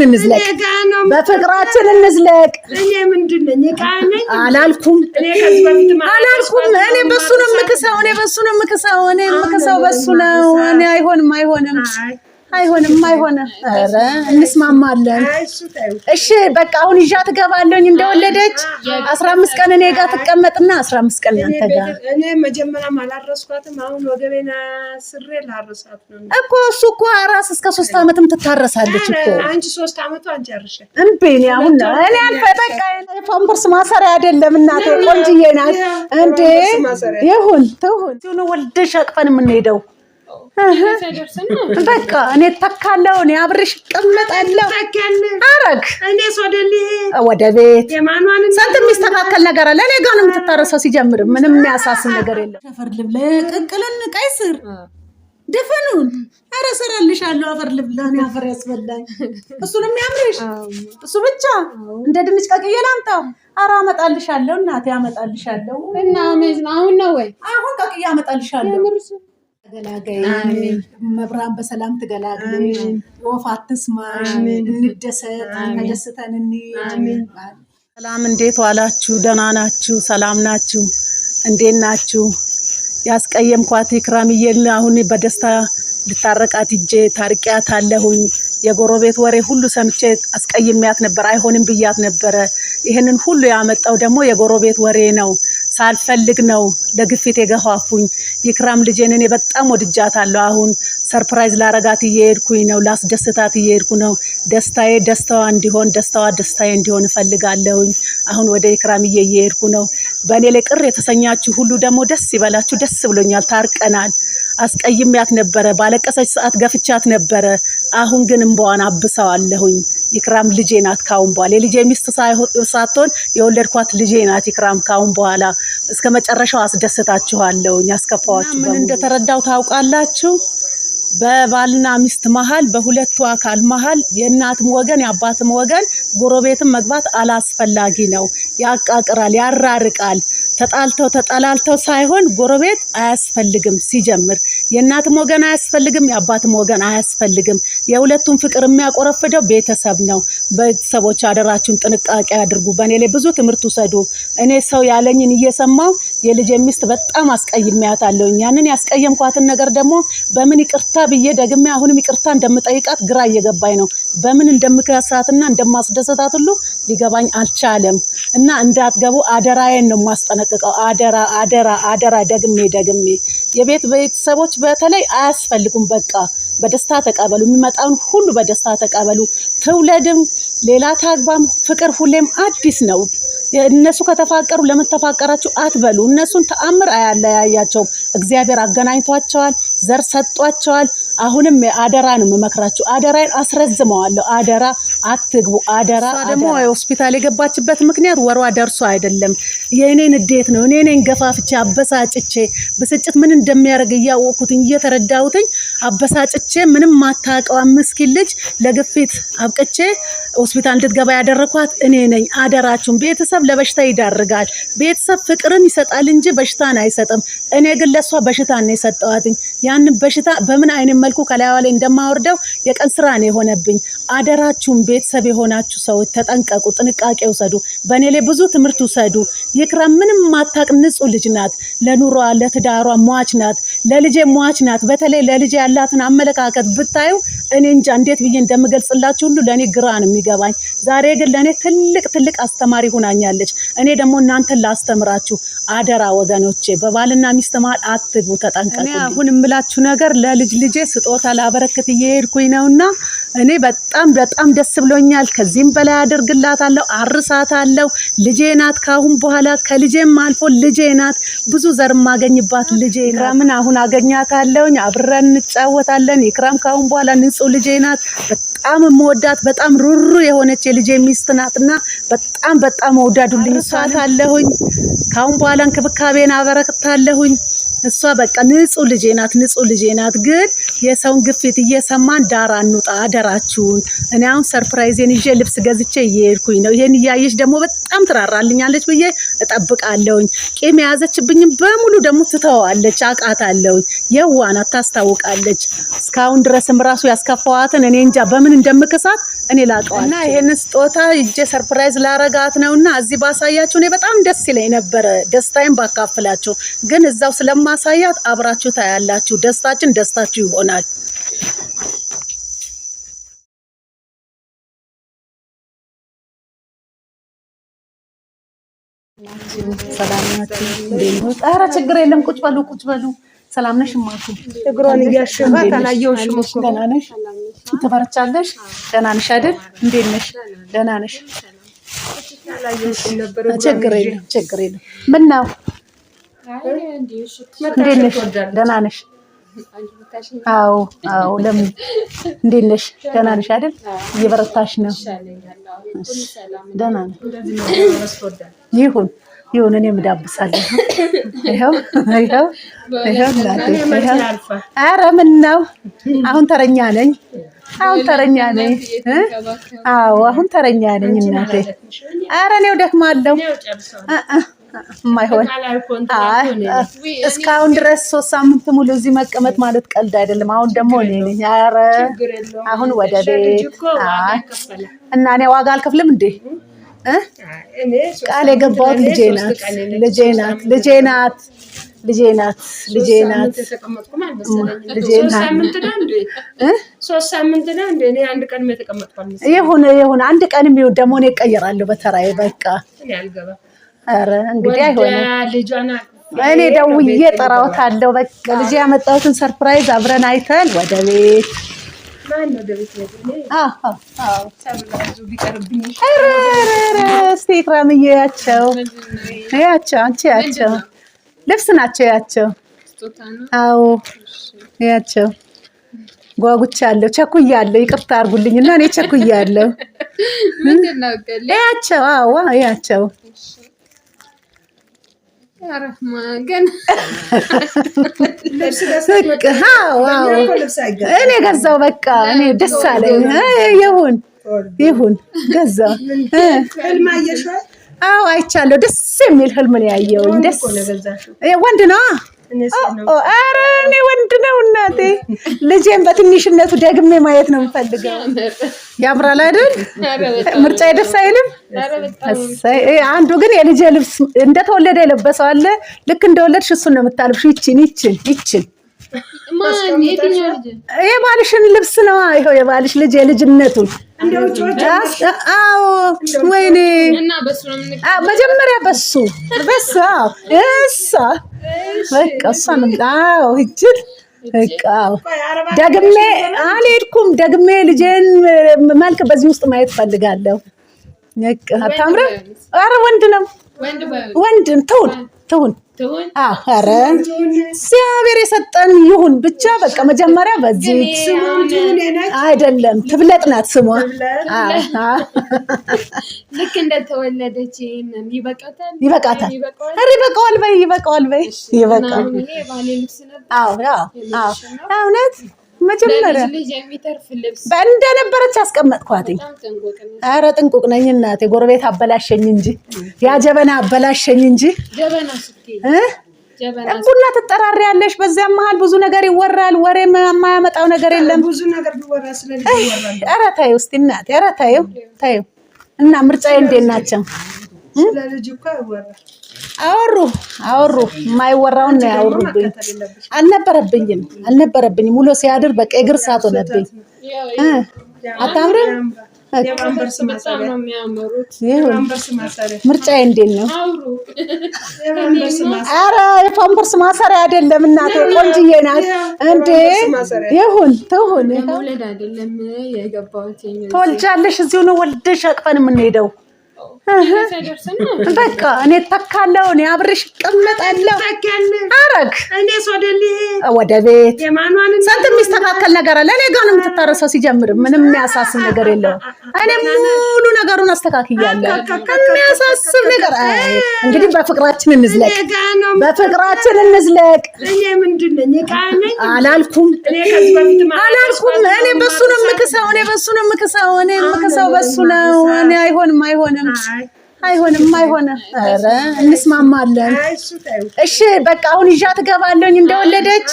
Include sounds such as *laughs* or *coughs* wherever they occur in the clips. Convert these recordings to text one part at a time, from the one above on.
በፍቅራችን እንዝለቅ፣ በፍቅራችን እንዝለቅ እኔ አላልኩም አላልኩም። እኔ በሱ ነው የምክሰው፣ እኔ በሱ ነው የምክሰው፣ እኔ የምክሰው በሱ ነው። እኔ አይሆንም፣ አይሆንም አይሆንም፣ አይሆንም። ኧረ እንስማማለን። እሺ በቃ አሁን ይዣ ትገባለኝ። እንደወለደች አስራ አምስት ቀን እኔ ጋር ትቀመጥና አስራ አምስት ቀን እናንተ ጋር። እኔ መጀመሪያም አላረስኳትም። አሁን ወገቤና ስሬ ላረሳት ነው እኮ። እሱ እኮ አራስ እስከ ሶስት አመትም ትታረሳለች እኮ። አንቺ ሶስት ዓመቱ አንቺ አርሽ እምቢ። እኔ አሁን እኔ አልፈጠቃ ፓምፐርስ ማሰሪያ አይደለም እናቴ፣ ቆንጅዬ ናት እንዴ። ይሁን ትሁን ሲሆነ ወልደሽ አቅፈን የምንሄደው በቃ እኔ ተካለው እኔ አብሬሽ እቀመጣለሁ። አረግ ወደ ቤት ስንት የሚስተካከል ነገር አለ። እኔ ጋር ነው የምትታረሰው። ሲጀምር ምንም የሚያሳስብ ነገር የለም። አፈር ልብላ ቅቅልን ቀይ ስር ድፍኑን ኧረ እሰራልሻለሁ። አፈር ልብላ እኔ አፈር ያስበላኝ እሱ ነው የሚያምርሽ። እሱ ብቻ እንደ ድንች ቀቅዬ ላምጣው? አመጣልሽ አመጣልሻለሁ እናቴ አመጣልሻለሁ። እና አሁን ነው ወይ አሁን ቀቅዬ አመጣልሻለሁ። ተገላገይ፣ መብራን በሰላም ትገላግል፣ ወፍ አትስማሽ፣ እንደሰት ተደስተን እንሂድ። ሰላም እንዴት ዋላችሁ? ደህና ናችሁ? ሰላም ናችሁ? እንዴት ናችሁ? ያስቀየምኳት ኢክራምዬን አሁን በደስታ ልታረቃት እጄ ታርቂያት አለሁኝ። የጎረቤት ወሬ ሁሉ ሰምቼ አስቀይሜያት ነበር፣ አይሆንም ብያት ነበረ። ይህንን ሁሉ ያመጣው ደግሞ የጎረቤት ወሬ ነው። ሳልፈልግ ነው ለግፊት የገፋፉኝ። ይክራም ልጄን እኔ በጣም ወድጃታለሁ። አሁን ሰርፕራይዝ ላረጋት እየሄድኩኝ ነው፣ ላስደስታት እየሄድኩ ነው። ደስታዬ ደስታዋ እንዲሆን፣ ደስታዋ ደስታዬ እንዲሆን እፈልጋለሁኝ። አሁን ወደ ይክራም እየሄድኩ ነው። በእኔ ላይ ቅር የተሰኛችሁ ሁሉ ደግሞ ደስ ይበላችሁ። ደስ ብሎኛል። ታርቀናል። አስቀይሜያት ነበረ፣ ባለቀሰች ሰዓት ገፍቻት ነበረ። አሁን ግን እምባዋን አብሰዋለሁኝ። ይክራም ልጄ ናት። ካሁን በኋላ የልጄ ሚስት ሳትሆን የወለድኳት ልጄ ናት። ይክራም ካሁን በኋላ እስከ መጨረሻው አስደስታችኋለሁ። ያስከፋዋችሁ ምን እንደተረዳው ታውቃላችሁ? በባልና ሚስት መሀል በሁለቱ አካል መሀል የእናትም ወገን የአባትም ወገን ጎረቤትም መግባት አላስፈላጊ ነው። ያቃቅራል፣ ያራርቃል። ተጣልተው ተጠላልተው ሳይሆን ጎረቤት አያስፈልግም ሲጀምር የእናትም ወገን አያስፈልግም፣ የአባትም ወገን አያስፈልግም። የሁለቱም ፍቅር የሚያቆረፍደው ቤተሰብ ነው። ቤተሰቦች አደራችሁን ጥንቃቄ አድርጉ። በእኔ ላይ ብዙ ትምህርት ውሰዱ። እኔ ሰው ያለኝን እየሰማው የልጄ ሚስት በጣም አስቀይሜያት አለውኝ። ያንን ያስቀየምኳትን ነገር ደግሞ በምን ይቅርታ ብዬ ደግሜ አሁንም ይቅርታ እንደምጠይቃት ግራ እየገባኝ ነው። በምን እንደምከሳትና እንደማስደሰታት ሁሉ ሊገባኝ አልቻለም። እና እንዳትገቡ አደራዬን ነው የማስጠነቅቀው። አደራ አደራ አደራ ደግሜ ደግሜ የቤት ቤተሰቦች በተለይ አያስፈልጉም። በቃ በደስታ ተቀበሉ። የሚመጣውን ሁሉ በደስታ ተቀበሉ። ትውለድም ሌላ ታግባም፣ ፍቅር ሁሌም አዲስ ነው። እነሱ ከተፋቀሩ ለምትፋቀራችሁ አትበሉ። እነሱን ተአምር አያለያያቸውም። እግዚአብሔር አገናኝቷቸዋል፣ ዘር ሰጧቸዋል። አሁንም አደራ ነው የምመክራችሁ። አደራዬን አስረዝመዋለሁ። አደራ አትግቡ። አደራ ደግሞ ሆስፒታል የገባችበት ምክንያት ወሯ ደርሶ አይደለም። የእኔን እንዴት ነው እኔ እኔን ገፋፍቼ አበሳጭቼ ብስጭት ምን እንደሚያደርግ እያወቅኩትኝ እየተረዳሁትኝ አበሳጭቼ ምንም ማታውቀዋ ምስኪን ልጅ ለግፊት አብቅቼ ሆስፒታል እንድትገባ ያደረኳት እኔ ነኝ። አደራችሁን ቤተሰብ ቤተሰብ ለበሽታ ይዳርጋል። ቤተሰብ ፍቅርን ይሰጣል እንጂ በሽታን አይሰጥም። እኔ ግን ለእሷ በሽታን ነው የሰጠዋትኝ። ያንን በሽታ በምን አይነት መልኩ ከላይዋ ላይ እንደማወርደው የቀን ስራ ነው የሆነብኝ። አደራችሁን ቤተሰብ የሆናችሁ ሰዎች ተጠንቀቁ፣ ጥንቃቄ ውሰዱ። በእኔ ላይ ብዙ ትምህርት ውሰዱ። ይክራም ምንም ማታቅ ንጹህ ልጅ ናት። ለኑሯ ለትዳሯ ሟች ናት። ለልጄ ሟች ናት። በተለይ ለልጄ ያላትን አመለካከት ብታዩ እኔ እንጃ እንዴት ብዬ እንደምገልጽላችሁ ሁሉ ለእኔ ግራ ነው የሚገባኝ። ዛሬ ግን ለእኔ ትልቅ ትልቅ አስተማሪ ሁናኛል። ትችላለች። እኔ ደግሞ እናንተን ላስተምራችሁ አደራ ወገኖቼ፣ በባልና ሚስት መሀል አትግቡ፣ ተጠንቀቁ። አሁን የምላችሁ ነገር ለልጅ ልጄ ስጦታ ላበረክት እየሄድኩኝ ነውና እኔ በጣም በጣም ደስ ብሎኛል። ከዚህም በላይ አደርግላታለሁ፣ አርሳታለሁ። ልጄ ናት። ካሁን በኋላ ከልጄም አልፎ ልጄ ናት። ብዙ ዘር ማገኝባት ልጄ ናት። ኢክራምን አሁን አገኛታለሁኝ፣ አብረን እንጫወታለን። ኢክራም ካሁን በኋላ ንጹህ ልጄ ናት። በጣም የምወዳት በጣም ሩሩ የሆነች የልጄ ሚስት ናትና በጣም በጣም ወዳ ይርዳዱልኝ። ሳት አለሁኝ። ካሁን በኋላ እንክብካቤን አበረክታለሁኝ። እሷ በቃ ንጹህ ልጄ ናት፣ ንጹህ ልጄ ናት። ግን የሰውን ግፊት እየሰማን ዳር አንውጣ፣ አደራችሁን። እኔ አሁን ሰርፕራይዜን ይዤ ልብስ ገዝቼ እየሄድኩኝ ነው። ይሄን እያየች ደግሞ በጣም ትራራልኛለች ብዬ እጠብቃለሁኝ። ቂም የያዘችብኝም በሙሉ ደግሞ ትተዋለች። አውቃታለሁኝ፣ የዋናት ታስታውቃለች። እስካሁን ድረስም ራሱ ያስከፋዋትን እኔ እንጃ በምን እንደምክሳት እኔ ላቀዋል እና ይህን ስጦታ እጄ ሰርፕራይዝ ላረጋት ነው እና እዚህ ባሳያችሁ እኔ በጣም ደስ ይለኝ ነበረ፣ ደስታይም ባካፍላችሁ ግን እዛው ስለማ ማሳያት አብራችሁ ታያላችሁ። ደስታችን ደስታችሁ ይሆናል። ሰላም ኧረ ችግር የለም። ቁጭ በሉ ቁጭ በሉ። ሰላም ነሽ? ማቱ እግሯን እያሸፋት አላየሁሽም እኮ። ደህና ነሽ? ደህና ነሽ አይደል? እንዴት ነሽ? ደህና ነሽ? ችግር የለም ችግር የለም። ምነው እንዴት ነሽ? ደህና ነሽ? አዎ አዎ። ለምን እንዴት ነሽ? ደህና ነሽ አይደል? እየበረታሽ ነው። ደህና ነው። ይሁን ይሁን። እኔም እዳብሳለሁ። ይኸው ይኸው ይኸው። ኧረ ምን ነው አሁን ተረኛ ነኝ። አሁን ተረኛ ነኝ። አዎ አሁን ተረኛ ነኝ እናቴ። ኧረ እኔው ደክማለሁ። የማይሆን እስካሁን ድረስ ሶስት ሳምንት ሙሉ እዚህ መቀመጥ ማለት ቀልድ አይደለም። አሁን ደግሞ እኔ ኧረ አሁን ወደ ቤት እና እኔ ዋጋ አልከፍልም እንዴ? ቃል የገባሁት ልጄ ናት፣ ልጄ ናት፣ ልጄ ናት ልጄ ናት ልጄ ናት ልጄ ናት። ይሁን ይሁን፣ አንድ ቀን የሚሆን ደግሞ እኔ እቀይራለሁ በተራዬ በቃ ኧረ እንግዲህ አይሆንም። እኔ ደውዬ እጠራውታለሁ። በቃ ልጅ ያመጣሁትን ሰርፕራይዝ አብረን አይተን ወደ ቤት እስኪ ኢክራምዬ ያቸው አንቺ ያቸው ልብስ ናቸው ያቸው። አዎ ያቸው ጓጉቻለሁ፣ ቸኩያለሁ። ይቅርታ አድርጉልኝ እና እኔ ቸኩያለሁ። ያቸው አዎ ያቸው እኔ ገዛው በቃ እኔ ደስ አለኝ። ይሁን ይሁን ገዛው። አዎ አይቻለሁ። ደስ የሚል ህልም ነው ያየሁኝ። ደስ ወንድ ኧረ እኔ ወንድ ነው እናቴ። ልጄን በትንሽነቱ ደግሜ ማየት ነው የምፈልገው። ያምራል አይደል? ምርጫ ደስ አይልም? አንዱ ግን የልጄ ልብስ እንደተወለደ የለበሰው አለ። ልክ እንደወለድሽ እሱን ነው የምታልብሽ። ይችን ይችን ይችን የባልሽን ልብስ ነው ይኸው የባልሽ ልጅ የልጅነቱን። ወይኔ፣ መጀመሪያ በሱ በሱ በቃ እጅል ደግሜ አልሄድኩም። ደግሜ ልጄን መልክ በዚህ ውስጥ ማየት ፈልጋለሁ። አታምርም? ኧረ ወንድ ነው ወንድ ትሁን ትሁን እግዚአብሔር የሰጠን ይሁን ብቻ። በቃ መጀመሪያ በዚህ አይደለም ትብለጥ ናት ስሟ። *laughs* ልክ እንደተወለደች ይበቃታል፣ ይበቃታል፣ ይበቃዋል በይ፣ ይበቃዋል በይ፣ ይበቃዋል። እውነት መጀመሪያ እንደነበረች አስቀመጥኳት አረ ጥንቁቅ ነኝ እናቴ። ጎረቤት አበላሸኝ እንጂ ያ ጀበና አበላሸኝ እንጂ ቡና ያለሽ። በዚያ መሀል ብዙ ነገር ይወራል። ወሬ የማያመጣው ነገር የለም። ኧረ ተይው እስኪ እናቴ፣ ኧረ ተይው ተይው። እና ምርጫዬ እንዴት ናቸው? አወሩ አወሩ። የማይወራውን ነው ያወሩብኝ። አልነበረብኝም አልነበረብኝም። ውሎ ሲያድር በቃ የእግር ሰዓት ሆነብኝ። አታምርም። ምርጫ እንዴት ነው? አረ የፓምፐርስ ማሰሪያ አይደለም እናቴ፣ ቆንጅዬ ናት እንዴ። ይሁን ትሁን። ተወልጃለሽ፣ እዚሁ ነው ወልደሽ አቅፈን የምንሄደው በቃ እኔ ተካለው እኔ አብሬሽ እቀመጣለሁ። አረግ ወደ ቤት ስንት የሚስተካከል ነገር አለ። እኔ ጋ ነው የምትታረሰው። ሲጀምር ምንም የሚያሳስብ ነገር የለውም። እኔ ሙሉ ነገሩን አስተካክያለሁ። የሚያሳስብ ነገር እንግዲህ በፍቅራችን እንዝለቅ፣ በፍቅራችን እንዝለቅ አላልኩም አላልኩም። እኔ በሱ ነው የምክሰው፣ እኔ በሱ ነው የምክሰው፣ እኔ የምክሰው በሱ ነው። እኔ አይሆንም አይሆንም አይሆንም፣ አይሆንም። ኧረ እንስማማለን። እሺ በቃ አሁን ይዣ ትገባለኝ። እንደወለደች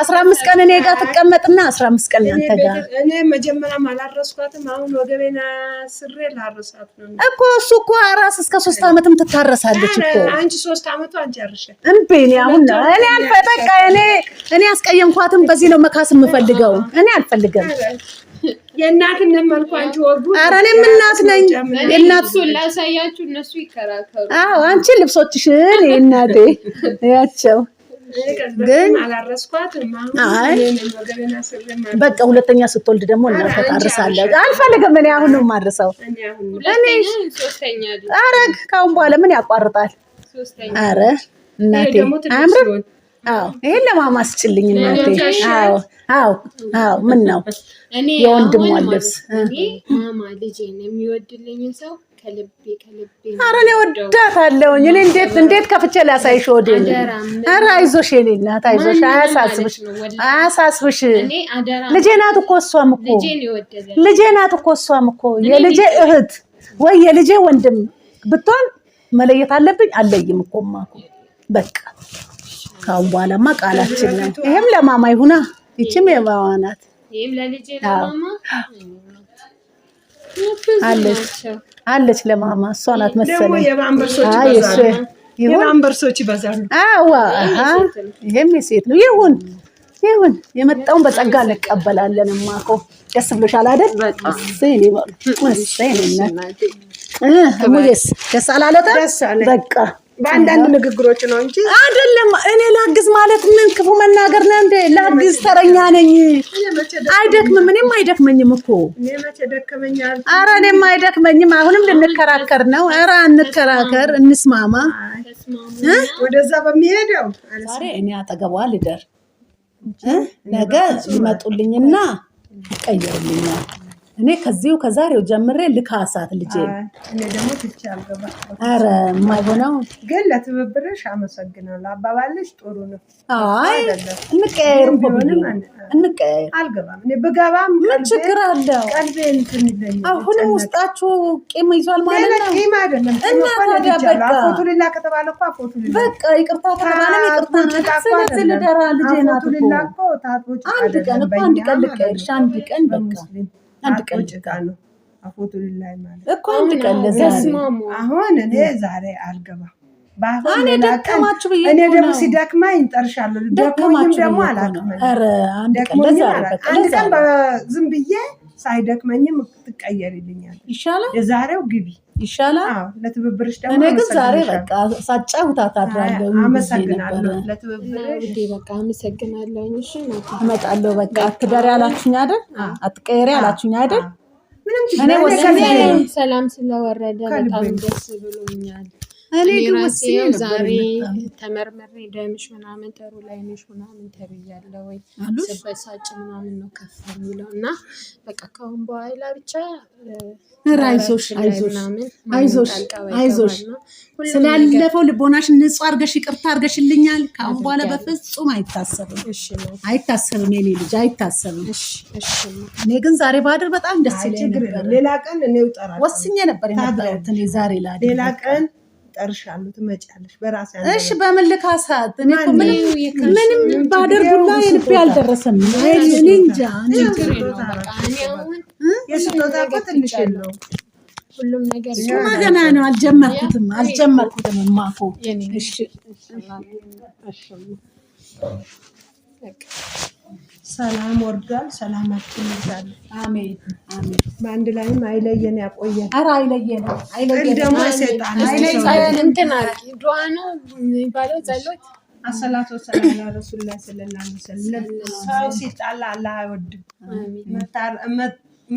አስራ አምስት ቀን እኔ ጋር ትቀመጥና አስራ አምስት ቀን እናንተ ጋር። እኔ መጀመሪያም አላረስኳትም። አሁን ወገቤና ስሬ ላረሳት ነው እኮ። እሱ እኮ አራስ እስከ ሶስት አመትም ትታረሳለች እኮ። አንቺ ሶስት አመቱ አንቺ አርሽ እምቢ። እኔ አሁን እኔ አልፈ በቃ እኔ እኔ አስቀየምኳትም። በዚህ ነው መካስ የምፈልገው። እኔ አልፈልገም የእናትነት መልኩ አንቺ ወጉ። ኧረ እኔም እናት ነኝ። እናት ላሳያችሁ፣ እነሱ ይከራከሩ። አዎ አንቺ ልብሶችሽን እናቴ ያቸው ግን በቃ ሁለተኛ ስትወልድ ደግሞ እናንተ ታርሳለህ። አልፈልግም። እኔ አሁን ነው አረግ በኋላ ምን ያቋርጣል? አረ እናቴ አያምርም። ይሄን ለማማስችልኝ እናቴ። አዎ አዎ አዎ። ምን ነው የወንድሟ ልብስ ኧረ እኔ ወዳታለሁኝ። እኔ እንዴት እንዴት ከፍቼ ላሳይሽ ወዴን? አረ አይዞሽ የኔ እናት አይዞሽ፣ አያሳስብሽ አያሳስብሽ። ልጄ ናት እኮ እሷም እኮ ልጄ ናት እኮ እሷም እኮ የልጄ እህት ወይ የልጄ ወንድም ብትሆን መለየት አለብኝ። አለይም እኮ እማ በቃ ካሁን በኋላማ ቃላችን ነው። ይሄም ለማማ ይሁና፣ ይችም የማማ ናት አለች አለች ለማማ እሷ ናት መሰለኝ። የማንበርሶች ይበዛሉ። ይሄም የሴት ነው። ይሁን ይሁን፣ የመጣውን በጸጋ እንቀበላለን። ማኮ ደስ ብሎሻል አይደል? እሰይ ነው ነው። ደስ አላለጠ በቃ በአንዳንድ ንግግሮች ነው እንጂ አይደለም። እኔ ላግዝ ማለት ምን ክፉ መናገር ነው እንዴ? ላግዝ ተረኛ ነኝ። አይደክምም። እኔም አይደክመኝም እኮ አረ፣ እኔም አይደክመኝም። አሁንም ልንከራከር ነው። አረ እንከራከር፣ እንስማማ። ወደዛ በሚሄደው ዛሬ እኔ አጠገቧ ልደር፣ ነገ ይመጡልኝና ይቀየሩልኛል። እኔ ከዚሁ ከዛሬው ጀምሬ ልካሳት ልጄ። እኔ ደግሞ ትቼ ኧረ የማይሆነው ግን ለትብብርሽ አመሰግናለሁ። አባባልሽ ጥሩ ነው። አይ እንቀያየር እንቀያየር። አልገባም ብገባም ምን ችግር አለው? አሁንም ውስጣችሁ ቂም ይዟል ማለት ነው። በቃ ከተባለ ይቅርታ ስለዚህ ልደራ ልጄ ናት አንድ ቀን እኮ አንድ ቀን ልቀይርሽ አንድ ቀን በቃ አንድ ቀን ነው አፎቱን ላይ ማለት እኮ አንድ ቀን አሁን እኔ ዛሬ አልገባም። እኔ ደከማችሁ ብዬ እኔ ደግሞ ሲደክማኝ እጠርሻለሁ። ደከማችሁ ደግሞ አላቅም። አንድ ቀን ዝም ብዬ ሳይደክመኝም ትቀየሪልኛል። ይሻላል። የዛሬው ግቢ ይሻላል። ለትብብርሽ ደግሞ እኔ ግን ዛሬ በቃ ሳጫውታት አድራለሁ። አመሰግናለሁ። ለትብብርሽ በቃ አመሰግናለሁ። እመጣለሁ። በቃ አትደሪ አላችሁኝ አይደል? አትቀየሪ አላችሁኝ አይደል? ሰላም ስለወረደ በጣም ደስ ብሎኛል። ዛሬ ተመርመሬ ደምሽ ምናምን ጥሩ ላይ ነሽ ምናምን ተብያለሁ ወይ ስበሳጭ ምናምን ነው ከፍ የሚለው እና በቃ ከአሁን በኋላ ብቻ አይዞሽ ስላለፈው ልቦናሽ ንጹህ አድርገሽ ይቅርታ አድርገሽልኛል። ከአሁን በኋላ በፍጹም አይታሰብም አይታሰብም፣ የኔ ልጅ አይታሰብም። እኔ ግን ዛሬ ባድር በጣም ደስ ነበር። ሌላ ቀን እኔ ወስኜ ነበር የመጣሁት ዛሬ ላ ሌላ ቀን ጠርሻሉ ትመጫለሽ። በራስ እሺ፣ በምን ልካሳት? ምንም ባደርጉላ የልቤ አልደረሰም። እኔ እንጃ የስጦታ እኮ ትንሽ የለውም። ሁሉም ነገር ገና ነው። አልጀመርኩትም አልጀመርኩትም። ማፎ እሺ ሰላም ወርዷል። ሰላማችን ይዛል። አሜን አሜን። በአንድ ላይም አይለየን ያቆየን። ኧረ አይለየን አይለየን ደግሞ ሰይጣን እንትን አርጊ ዱዓ ነው የሚባለው ጸሎት አሰላቶ ሰላም ያረሱላ ስለላ ወሰለም። ሰው ሲጣላ አላህ አይወድም።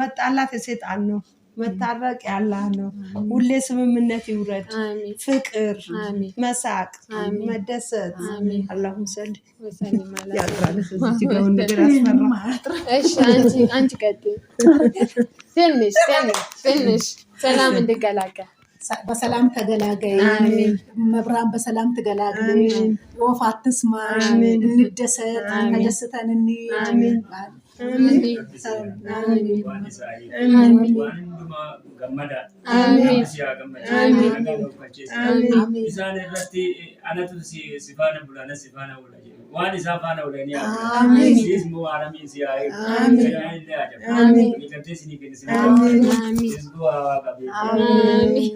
መጣላት የሰይጣን ነው። መታረቅ ያላህ ነው። ሁሌ ስምምነት ይውረድ፣ ፍቅር፣ መሳቅ፣ መደሰት። አላሁም ሰል ትንሽ ሰላም እንድገላገል በሰላም ተገላገይ፣ መብራን በሰላም ትገላገይ፣ ወፍ አትስማ፣ እንደሰት ተደስተን nama gammada. Nama si haa gammachiisu. Nama gammadachiisu. Isaan irratti anatu si faana bula anas si faana bula. ዋን ኢሳፋ ነው ለኔ አሜን ሲስ ሙአራሚ ሲያይ አሜን አሜን አሜን አሜን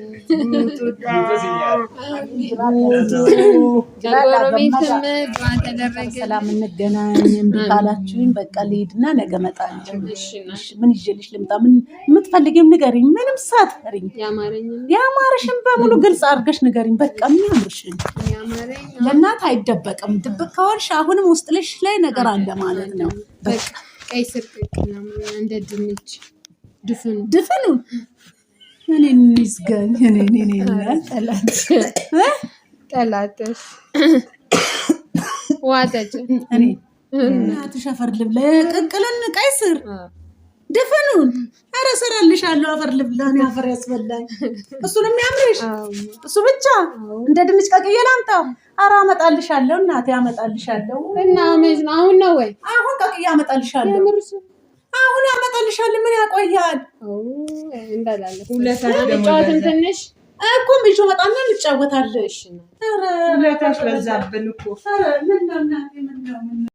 ተደረገ። ሰላም እንገናኝ ካላችሁኝ በቃ ልሂድና ነገ እመጣለሁ። ምን ይዤልሽ ልምጣ? ምን የምትፈልጊም ንገሪኝ። ምንም ሳትፈሪኝ ያማረሽን በሙሉ ግልጽ አድርገሽ ንገሪኝ። በቃ የሚያምርሽን ለእናት አይደበቅም። ድብቅ ከሆንሽ አልሽ። አሁንም ውስጥ ልሽ ላይ ነገር አለ ማለት ነው። ቀይ እንደ ድንች ድፍኑ ድፍኑ እኔ ዋጠጭ እኔ *coughs* ልብለ ቅቅልን ቀይ ስር ድፍኑን ኧረ እሰራልሻለሁ። አፈር ልብላን እኔ አፈር ያስበላኝ። እሱን የሚያምርሽ እሱ ብቻ እንደ ድንች ቀቅዬ ላምጣው? አመጣልሽ አመጣልሻለሁ እናቴ አመጣልሻለሁ። እና አሁን ነው ወይ አሁን ቀቅዬ አመጣልሻለሁ። አሁን አመጣልሽ አመጣልሻለሁ። ምን ያቆያል? ሁለታችን ትንሽ እኮ ሚጆ መጣና እንጫወታለሽ። ሁለታሽ ሁለታች በዛብን እኮ ምን ነው እናቴ ምን ነው